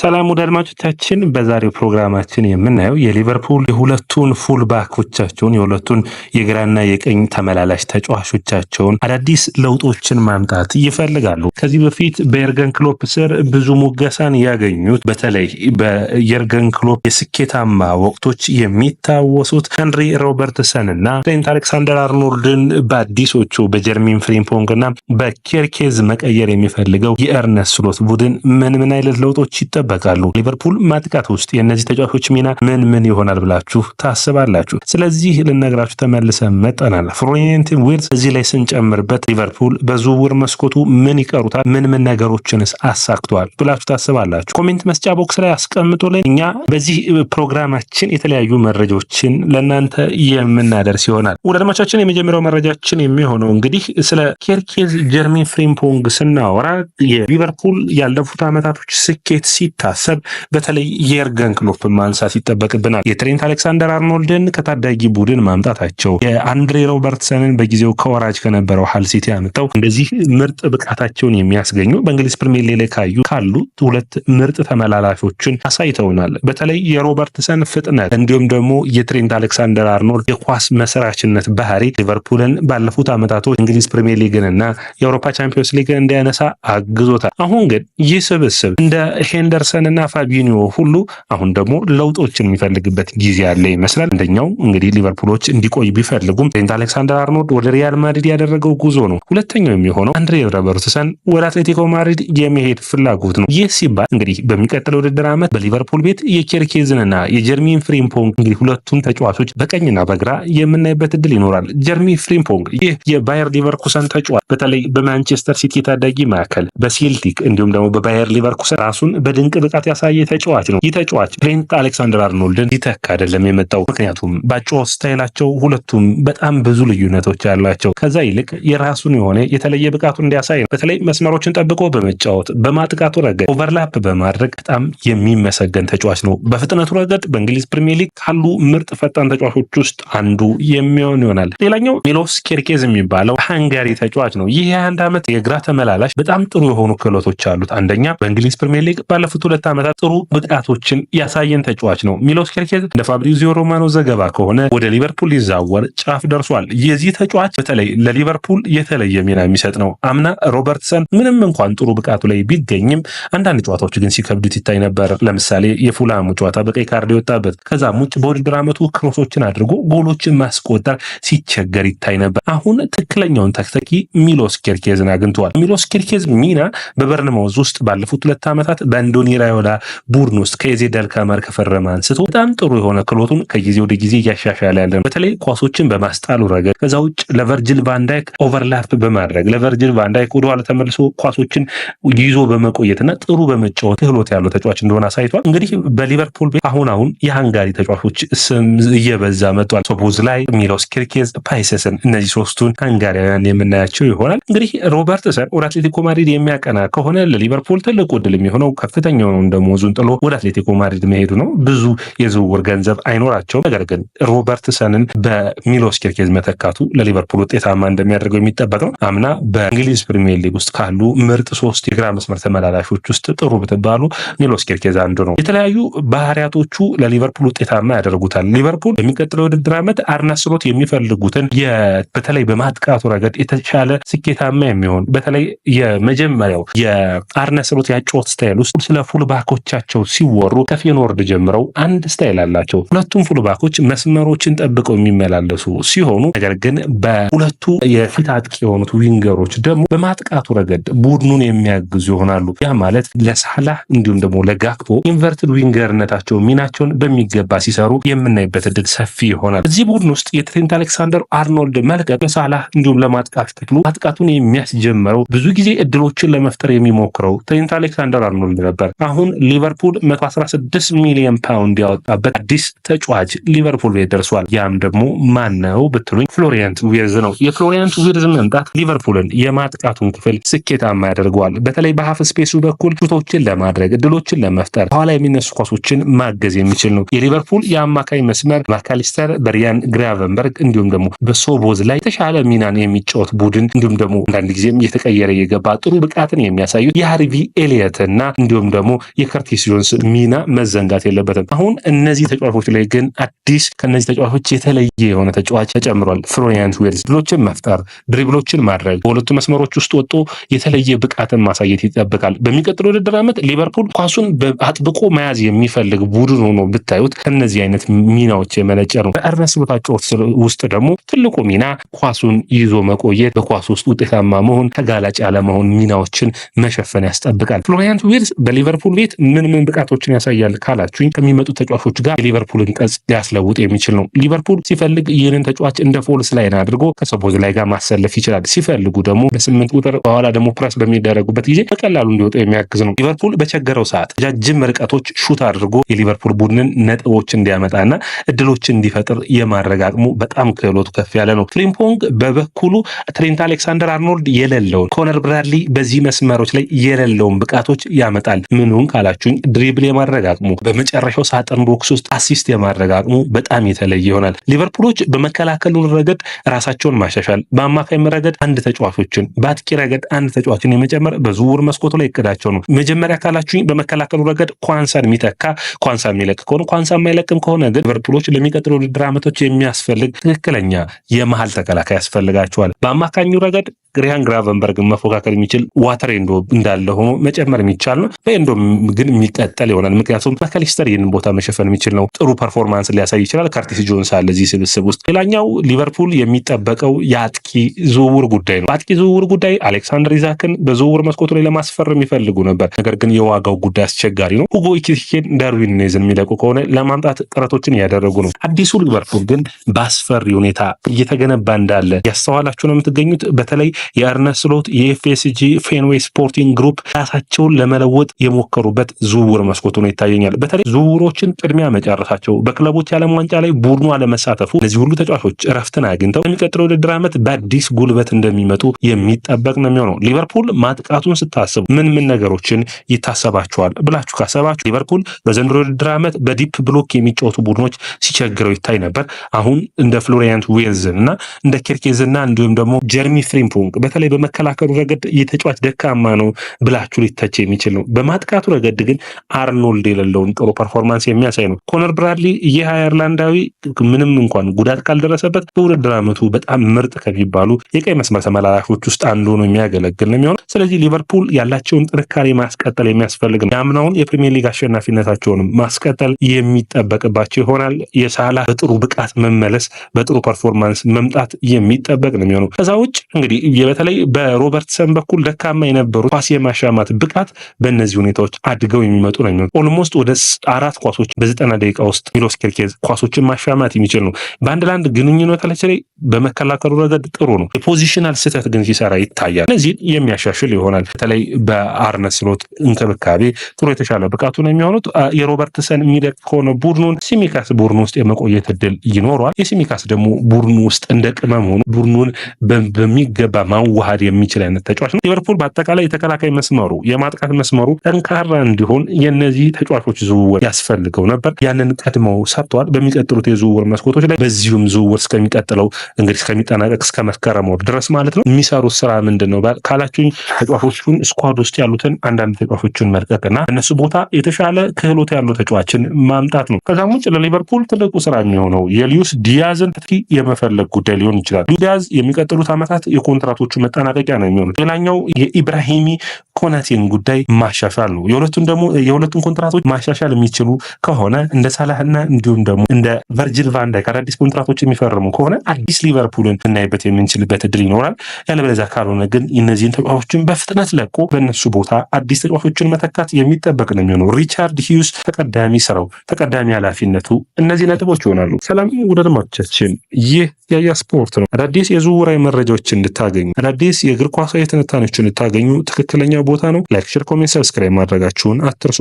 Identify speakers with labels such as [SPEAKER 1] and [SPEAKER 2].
[SPEAKER 1] ሰላም ወደ አድማጮቻችን፣ በዛሬው ፕሮግራማችን የምናየው የሊቨርፑል የሁለቱን ፉል ባኮቻቸውን የሁለቱን የግራና የቀኝ ተመላላሽ ተጫዋቾቻቸውን አዳዲስ ለውጦችን ማምጣት ይፈልጋሉ። ከዚህ በፊት በየርገን ክሎፕ ስር ብዙ ሙገሳን ያገኙት በተለይ በየርገን ክሎፕ የስኬታማ ወቅቶች የሚታወሱት ሄንሪ ሮበርትሰን እና ትሬንት አሌክሳንደር አርኖልድን በአዲሶቹ በጀርሚን ፍሪምፖንግ እና በኬርኬዝ መቀየር የሚፈልገው የኤርነስ ስሎት ቡድን ምን ምን አይነት ለውጦች ይጠ ይጠበቃሉ። ሊቨርፑል ማጥቃት ውስጥ የእነዚህ ተጫዋቾች ሚና ምን ምን ይሆናል ብላችሁ ታስባላችሁ? ስለዚህ ልነግራችሁ ተመልሰ መጠናል። ፍሎሪንቲን ዊርትዝ እዚህ ላይ ስንጨምርበት ሊቨርፑል በዝውውር መስኮቱ ምን ይቀሩታል፣ ምን ምን ነገሮችንስ አሳክቷል ብላችሁ ታስባላችሁ? ኮሜንት መስጫ ቦክስ ላይ አስቀምጡልን። እኛ በዚህ ፕሮግራማችን የተለያዩ መረጃዎችን ለእናንተ የምናደርስ ይሆናል። ወደ አድማቻችን የመጀመሪያው መረጃችን የሚሆነው እንግዲህ ስለ ኬርኬዝ ጀርሚን ፍሪምፖንግ ስናወራ የሊቨርፑል ያለፉት ዓመታቶች ስኬት ሲ ሲታሰብ በተለይ የኤርገን ክሎፕ ማንሳት ይጠበቅብናል። የትሬንት አሌክሳንደር አርኖልድን ከታዳጊ ቡድን ማምጣታቸው፣ የአንድሬ ሮበርትሰንን በጊዜው ከወራጅ ከነበረው ሃል ሲቲ እንደዚህ ምርጥ ብቃታቸውን የሚያስገኙ በእንግሊዝ ፕሪሚየር ሊግ ላይ ካዩ ካሉ ሁለት ምርጥ ተመላላፊዎችን አሳይተውናል። በተለይ የሮበርትሰን ፍጥነት እንዲሁም ደግሞ የትሬንት አሌክሳንደር አርኖልድ የኳስ መስራችነት ባህሪ ሊቨርፑልን ባለፉት ዓመታቶች እንግሊዝ ፕሪሚየር ሊግንና የአውሮፓ ቻምፒዮንስ ሊግን እንዲያነሳ አግዞታል። አሁን ግን ይህ ስብስብ እንደ ሄንደርስ ኤሪክሰንና ፋቢኒዮ ሁሉ አሁን ደግሞ ለውጦችን የሚፈልግበት ጊዜ ያለ ይመስላል። አንደኛው እንግዲህ ሊቨርፑሎች እንዲቆይ ቢፈልጉም ንት አሌክሳንደር አርኖልድ ወደ ሪያል ማድሪድ ያደረገው ጉዞ ነው። ሁለተኛው የሚሆነው አንድሬ ሮበርትሰን ወደ አትሌቲኮ ማድሪድ የመሄድ ፍላጎት ነው። ይህ ሲባል እንግዲህ በሚቀጥለው ውድድር ዓመት በሊቨርፑል ቤት የኬርኬዝንና የጀርሚን ፍሪምፖንግ እንግዲህ ሁለቱም ተጫዋቾች በቀኝና በግራ የምናይበት እድል ይኖራል። ጀርሚ ፍሪምፖንግ ይህ የባየር ሊቨርኩሰን ተጫዋች በተለይ በማንቸስተር ሲቲ ታዳጊ ማዕከል፣ በሴልቲክ እንዲሁም ደግሞ በባየር ሊቨርኩሰን ራሱን በድንቅ ብቃት ያሳየ ተጫዋች ነው። ይህ ተጫዋች ትሬንት አሌክሳንደር አርኖልድን ይተካ አይደለም የመጣው። ምክንያቱም ባጫወት ስታይላቸው ሁለቱም በጣም ብዙ ልዩነቶች አሏቸው። ከዛ ይልቅ የራሱን የሆነ የተለየ ብቃቱ እንዲያሳይ ነው። በተለይ መስመሮችን ጠብቆ በመጫወት በማጥቃቱ ረገድ ኦቨርላፕ በማድረግ በጣም የሚመሰገን ተጫዋች ነው። በፍጥነቱ ረገድ በእንግሊዝ ፕሪሚየር ሊግ ካሉ ምርጥ ፈጣን ተጫዋቾች ውስጥ አንዱ የሚሆን ይሆናል። ሌላኛው ሚሎስ ኬርኬዝ የሚባለው ሃንጋሪ ተጫዋች ነው። ይህ የአንድ ዓመት የግራ ተመላላሽ በጣም ጥሩ የሆኑ ክህሎቶች አሉት። አንደኛ በእንግሊዝ ፕሪሚየር ሊግ ባለፉት ሁለት ዓመታት ጥሩ ብቃቶችን ያሳየን ተጫዋች ነው። ሚሎስ ኬርኬዝ እንደ ፋብሪዚዮ ሮማኖ ዘገባ ከሆነ ወደ ሊቨርፑል ሊዛወር ጫፍ ደርሷል። የዚህ ተጫዋች በተለይ ለሊቨርፑል የተለየ ሚና የሚሰጥ ነው። አምና ሮበርትሰን ምንም እንኳን ጥሩ ብቃቱ ላይ ቢገኝም አንዳንድ ጨዋታዎች ግን ሲከብዱት ይታይ ነበር። ለምሳሌ የፉላሙ ጨዋታ በቀይ ካርድ የወጣበት፣ ከዛም ውጭ በውድድር ዓመቱ ክሮሶችን አድርጎ ጎሎችን ማስቆጠር ሲቸገር ይታይ ነበር። አሁን ትክክለኛውን ተተኪ ሚሎስ ኬርኬዝን አግኝተዋል። ሚሎስ ኬርኬዝ ሚና በበርንማውዝ ውስጥ ባለፉት ሁለት ዓመታት በእንዶኒ ብሔራዊ ወዳ ቡድን ውስጥ ከኤዜድ አልካማር ከፈረመ አንስቶ በጣም ጥሩ የሆነ ክሎቱን ከጊዜ ወደ ጊዜ እያሻሻለ ያለ ነው። በተለይ ኳሶችን በማስጣሉ ረገድ ከዛ ውጭ ለቨርጅል ቫንዳይክ ኦቨርላፕ በማድረግ ለቨርጅል ቫንዳይክ ወደኋላ ተመልሶ ኳሶችን ይዞ በመቆየትና ጥሩ በመጫወት ክህሎት ያለው ተጫዋች እንደሆነ አሳይቷል። እንግዲህ በሊቨርፑል ቤት አሁን አሁን የሃንጋሪ ተጫዋቾች ስም እየበዛ መጥቷል። ሶቦዝ ላይ ሚሎስ ኪርኬዝ፣ ፓይሰስን እነዚህ ሶስቱን ሃንጋሪያውያን የምናያቸው ይሆናል። እንግዲህ ሮበርት ሰን ወደ አትሌቲኮ ማድሪድ የሚያቀና ከሆነ ለሊቨርፑል ትልቅ ዕድል የሚሆነው ከፍተኛ አብዛኛውን ደሞዙን ጥሎ ወደ አትሌቲኮ ማድሪድ መሄዱ ነው። ብዙ የዝውውር ገንዘብ አይኖራቸውም። ነገር ግን ሮበርትሰንን በሚሎስ ኬርኬዝ መተካቱ ለሊቨርፑል ውጤታማ እንደሚያደርገው የሚጠበቅ ነው። አምና በእንግሊዝ ፕሪሚየር ሊግ ውስጥ ካሉ ምርጥ ሶስት የግራ መስመር ተመላላሾች ውስጥ ጥሩ ብትባሉ ሚሎስ ኬርኬዝ አንዱ ነው። የተለያዩ ባህሪያቶቹ ለሊቨርፑል ውጤታማ ያደርጉታል። ሊቨርፑል የሚቀጥለው ውድድር ዓመት አርነ ስሎት የሚፈልጉትን በተለይ በማጥቃቱ ረገድ የተሻለ ስኬታማ የሚሆን በተለይ የመጀመሪያው የአርነ ስሎት ስታይል ውስጥ ስለ ፉልባኮቻቸው ሲወሩ ከፌኖርድ ጀምረው አንድ ስታይል አላቸው። ሁለቱም ፉልባኮች መስመሮችን ጠብቀው የሚመላለሱ ሲሆኑ ነገር ግን በሁለቱ የፊት አጥቂ የሆኑት ዊንገሮች ደግሞ በማጥቃቱ ረገድ ቡድኑን የሚያግዙ ይሆናሉ። ያ ማለት ለሳላህ እንዲሁም ደግሞ ለጋክፖ ኢንቨርትድ ዊንገርነታቸው ሚናቸውን በሚገባ ሲሰሩ የምናይበት እድል ሰፊ ይሆናል። እዚህ ቡድን ውስጥ የትሬንት አሌክሳንደር አርኖልድ መልቀቅ ለሳላህ እንዲሁም ለማጥቃት ክፍሉ ማጥቃቱን የሚያስጀምረው ብዙ ጊዜ እድሎችን ለመፍጠር የሚሞክረው ትሬንት አሌክሳንደር አርኖልድ ነበር። አሁን ሊቨርፑል 116 ሚሊዮን ፓውንድ ያወጣበት አዲስ ተጫዋች ሊቨርፑል ቤት ደርሷል። ያም ደግሞ ማን ነው ብትሉኝ ፍሎሪያንት ዊርዝ ነው። የፍሎሪያንት ዊርዝ መምጣት ሊቨርፑልን የማጥቃቱን ክፍል ስኬታማ ያደርገዋል። በተለይ በሀፍ ስፔሱ በኩል ሹቶችን ለማድረግ እድሎችን ለመፍጠር ከኋላ የሚነሱ ኳሶችን ማገዝ የሚችል ነው። የሊቨርፑል የአማካኝ መስመር ማካሊስተር በሪያን ግራቨንበርግ እንዲሁም ደግሞ በሶቦዝ ላይ የተሻለ ሚናን የሚጫወት ቡድን እንዲሁም ደግሞ አንዳንድ ጊዜም እየተቀየረ የገባ ጥሩ ብቃትን የሚያሳዩት የሃርቪ ኤሊየት እና እንዲሁም ደግሞ ደግሞ የከርቲስ ጆንስ ሚና መዘንጋት የለበትም። አሁን እነዚህ ተጫዋቾች ላይ ግን አዲስ ከነዚህ ተጫዋቾች የተለየ የሆነ ተጫዋች ተጨምሯል። ፍሎሪያን ዊርትዝ ድሎችን መፍጠር፣ ድሪብሎችን ማድረግ፣ በሁለቱ መስመሮች ውስጥ ወጥቶ የተለየ ብቃትን ማሳየት ይጠብቃል። በሚቀጥለው ውድድር ዓመት ሊቨርፑል ኳሱን አጥብቆ መያዝ የሚፈልግ ቡድን ሆኖ ብታዩት ከእነዚህ አይነት ሚናዎች የመነጨ ነው። በእርነስ በታጫወት ውስጥ ደግሞ ትልቁ ሚና ኳሱን ይዞ መቆየት፣ በኳሱ ውስጥ ውጤታማ መሆን፣ ተጋላጭ ያለመሆን ሚናዎችን መሸፈን ያስጠብቃል። ፍሎሪያን ዊርትዝ በሊቨር ሊቨርፑል ቤት ምን ምን ብቃቶችን ያሳያል ካላችሁኝ ከሚመጡ ተጫዋቾች ጋር የሊቨርፑልን ቀጽ ሊያስለውጥ የሚችል ነው። ሊቨርፑል ሲፈልግ ይህንን ተጫዋች እንደ ፎልስ ላይን አድርጎ ከሶቦዝ ላይ ጋር ማሰለፍ ይችላል። ሲፈልጉ ደግሞ በስምንት ቁጥር በኋላ ደግሞ ፕረስ በሚደረጉበት ጊዜ በቀላሉ እንዲወጡ የሚያግዝ ነው። ሊቨርፑል በቸገረው ሰዓት ረጃጅም ርቀቶች ሹት አድርጎ የሊቨርፑል ቡድንን ነጥቦች እንዲያመጣና እድሎችን እንዲፈጥር የማድረግ አቅሙ በጣም ክህሎቱ ከፍ ያለ ነው። ፍሪምፖንግ በበኩሉ ትሬንት አሌክሳንደር አርኖልድ የሌለውን ኮነር ብራድሊ በዚህ መስመሮች ላይ የሌለውን ብቃቶች ያመጣል። ምን ለምን ካላችሁኝ ድሪብል የማድረግ አቅሙ በመጨረሻው ሳጥን ቦክስ ውስጥ አሲስት የማድረግ አቅሙ በጣም የተለየ ይሆናል። ሊቨርፑሎች በመከላከሉን ረገድ ራሳቸውን ማሻሻል፣ በአማካይም ረገድ አንድ ተጫዋቾችን፣ በአጥቂ ረገድ አንድ ተጫዋችን የመጨመር በዝውውር መስኮቱ ላይ እቅዳቸው ነው። መጀመሪያ ካላችሁኝ በመከላከሉ ረገድ ኳንሳን የሚተካ ኳንሳ የሚለቅ ከሆነ ኳንሳ የማይለቅም ከሆነ ግን ሊቨርፑሎች ለሚቀጥሉ ውድድር ዓመቶች የሚያስፈልግ ትክክለኛ የመሃል ተከላካይ ያስፈልጋቸዋል። በአማካኙ ረገድ ሪያን ግራቨንበርግን መፎካከል የሚችል ዋተር ኤንዶ እንዳለ ሆኖ መጨመር የሚቻል ነው በኤንዶ ግን የሚቀጠል ይሆናል። ምክንያቱም ማካሊስተር ይህንን ቦታ መሸፈን የሚችል ነው። ጥሩ ፐርፎርማንስ ሊያሳይ ይችላል። ካርቲስ ጆንስ አለ እዚህ ስብስብ ውስጥ። ሌላኛው ሊቨርፑል የሚጠበቀው የአጥቂ ዝውውር ጉዳይ ነው። በአጥቂ ዝውውር ጉዳይ አሌክሳንደር ኢዛክን በዝውውር መስኮቱ ላይ ለማስፈር የሚፈልጉ ነበር። ነገር ግን የዋጋው ጉዳይ አስቸጋሪ ነው። ሁጎ ኢኪቲኬን፣ ዳርዊን ኔዝን የሚለቁ ከሆነ ለማምጣት ጥረቶችን እያደረጉ ነው። አዲሱ ሊቨርፑል ግን በአስፈሪ ሁኔታ እየተገነባ እንዳለ ያስተዋላችሁ ነው የምትገኙት። በተለይ የአርነ የኤፍኤስጂ ፌንዌይ ስፖርቲንግ ግሩፕ ራሳቸውን ለመለወጥ የተሞከሩበት ዝውውር መስኮት ሆኖ ይታየኛል። በተለይ ዝውውሮችን ቅድሚያ መጨረሳቸው፣ በክለቦች የዓለም ዋንጫ ላይ ቡድኑ አለመሳተፉ እነዚህ ሁሉ ተጫዋቾች እረፍትን አግኝተው የሚቀጥለው ውድድር ዓመት በአዲስ ጉልበት እንደሚመጡ የሚጠበቅ ነው የሚሆነው። ሊቨርፑል ማጥቃቱን ስታስቡ ምን ምን ነገሮችን ይታሰባቸዋል ብላችሁ ካሰባችሁ ሊቨርፑል በዘንድሮ ውድድር ዓመት በዲፕ ብሎክ የሚጫወቱ ቡድኖች ሲቸግረው ይታይ ነበር። አሁን እንደ ፍሎሪያንት ዌልዝን እና እንደ ኬርኬዝና እንዲሁም ደግሞ ጀርሚ ፍሪምፖንግ በተለይ በመከላከሉ ረገድ የተጫዋች ደካማ ነው ብላችሁ ሊተች የሚችል ነው በማጥቃ በማጥቃቱ ረገድ ግን አርኖልድ የሌለውን ጥሩ ፐርፎርማንስ የሚያሳይ ነው። ኮነር ብራድሊ ይህ አየርላንዳዊ ምንም እንኳን ጉዳት ካልደረሰበት በውድድር ዓመቱ በጣም ምርጥ ከሚባሉ የቀይ መስመር ተመላላሾች ውስጥ አንዱ ነው የሚያገለግል ነው የሚሆነው። ስለዚህ ሊቨርፑል ያላቸውን ጥንካሬ ማስቀጠል የሚያስፈልግ ነው። የአምናውን የፕሪሚየር ሊግ አሸናፊነታቸውንም ማስቀጠል የሚጠበቅባቸው ይሆናል። የሳላ በጥሩ ብቃት መመለስ፣ በጥሩ ፐርፎርማንስ መምጣት የሚጠበቅ ነው የሚሆነው። ከዛ ውጭ እንግዲህ በተለይ በሮበርትሰን በኩል ደካማ የነበሩ ኳስ የማሻማት ብቃት በእነዚህ ሁኔታ ጨዋታዎች አድገው የሚመጡ ነው የሚሆኑ ኦልሞስት ወደ አራት ኳሶች በዘጠና ደቂቃ ውስጥ ሚሎስ ኬርኬዝ ኳሶችን ማሻማት የሚችል ነው። በአንድ ለአንድ ግንኙነት ላይ በመከላከሉ ረገድ ጥሩ ነው። የፖዚሽናል ስህተት ግን ሲሰራ ይታያል። እነዚህን የሚያሻሽል ይሆናል። በተለይ በአርነ ስሎት እንክብካቤ ጥሩ የተሻለ ብቃቱ ነው የሚሆኑት። የሮበርትሰን የሚደቅ ከሆነ ቡድኑን ሲሚካስ ቡድኑ ውስጥ የመቆየት እድል ይኖረዋል። የሲሚካስ ደግሞ ቡድኑ ውስጥ እንደ ቅመም ሆኖ ቡድኑን በሚገባ ማዋሃድ የሚችል አይነት ተጫዋች ነው። ሊቨርፑል በአጠቃላይ የተከላካይ መስመሩ የማጥቃት መስመሩ ጠንካ ጠንካራ እንዲሆን የነዚህ ተጫዋቾች ዝውውር ያስፈልገው ነበር። ያንን ቀድመው ሰርተዋል። በሚቀጥሉት የዝውውር መስኮቶች ላይ በዚሁም ዝውውር እስከሚቀጥለው እንግዲህ እስከሚጠናቀቅ እስከ መስከረም ወር ድረስ ማለት ነው የሚሰሩት ስራ ምንድን ነው ካላችሁኝ፣ ተጫዋቾቹን ስኳድ ውስጥ ያሉትን አንዳንድ ተጫዋቾችን መልቀቅና እነሱ ቦታ የተሻለ ክህሎት ያለው ተጫዋችን ማምጣት ነው። ከዛም ውጭ ለሊቨርፑል ትልቁ ስራ የሚሆነው የሊዩስ ዲያዝን የመፈለግ ጉዳይ ሊሆን ይችላል። ዲያዝ የሚቀጥሉት ዓመታት የኮንትራቶቹ መጠናቀቂያ ነው የሚሆኑት። ሌላኛው የኢብራሂሚ ኮናቴን ጉዳይ ማሻሻል ነው። የሁለቱን ደግሞ የሁለቱን ኮንትራቶች ማሻሻል የሚችሉ ከሆነ እንደ ሳላህና እንዲሁም ደግሞ እንደ ቨርጅል ቫንዳይ አዳዲስ ኮንትራቶች የሚፈርሙ ከሆነ አዲስ ሊቨርፑልን እናይበት የምንችልበት እድል ይኖራል። ያለበለዚያ ካልሆነ ግን እነዚህን ተጫዋቾችን በፍጥነት ለቆ በእነሱ ቦታ አዲስ ተጫዋቾችን መተካት የሚጠበቅ ነው የሚሆነው። ሪቻርድ ሂዩስ ተቀዳሚ ስራው፣ ተቀዳሚ ኃላፊነቱ እነዚህ ነጥቦች ይሆናሉ። ሰላም ወደ ድማቻችን ይህ ያያ ስፖርት ነው። አዳዲስ የዝውውራዊ መረጃዎች እንድታገኙ፣ አዳዲስ የእግር ኳሳዊ ትንታኔዎችን እንድታገኙ ትክክለኛ ቦታ ነው። ላይክ፣ ሼር፣ ኮሜንት፣ ሰብስክራይብ ማድረጋችሁን አትርሱ።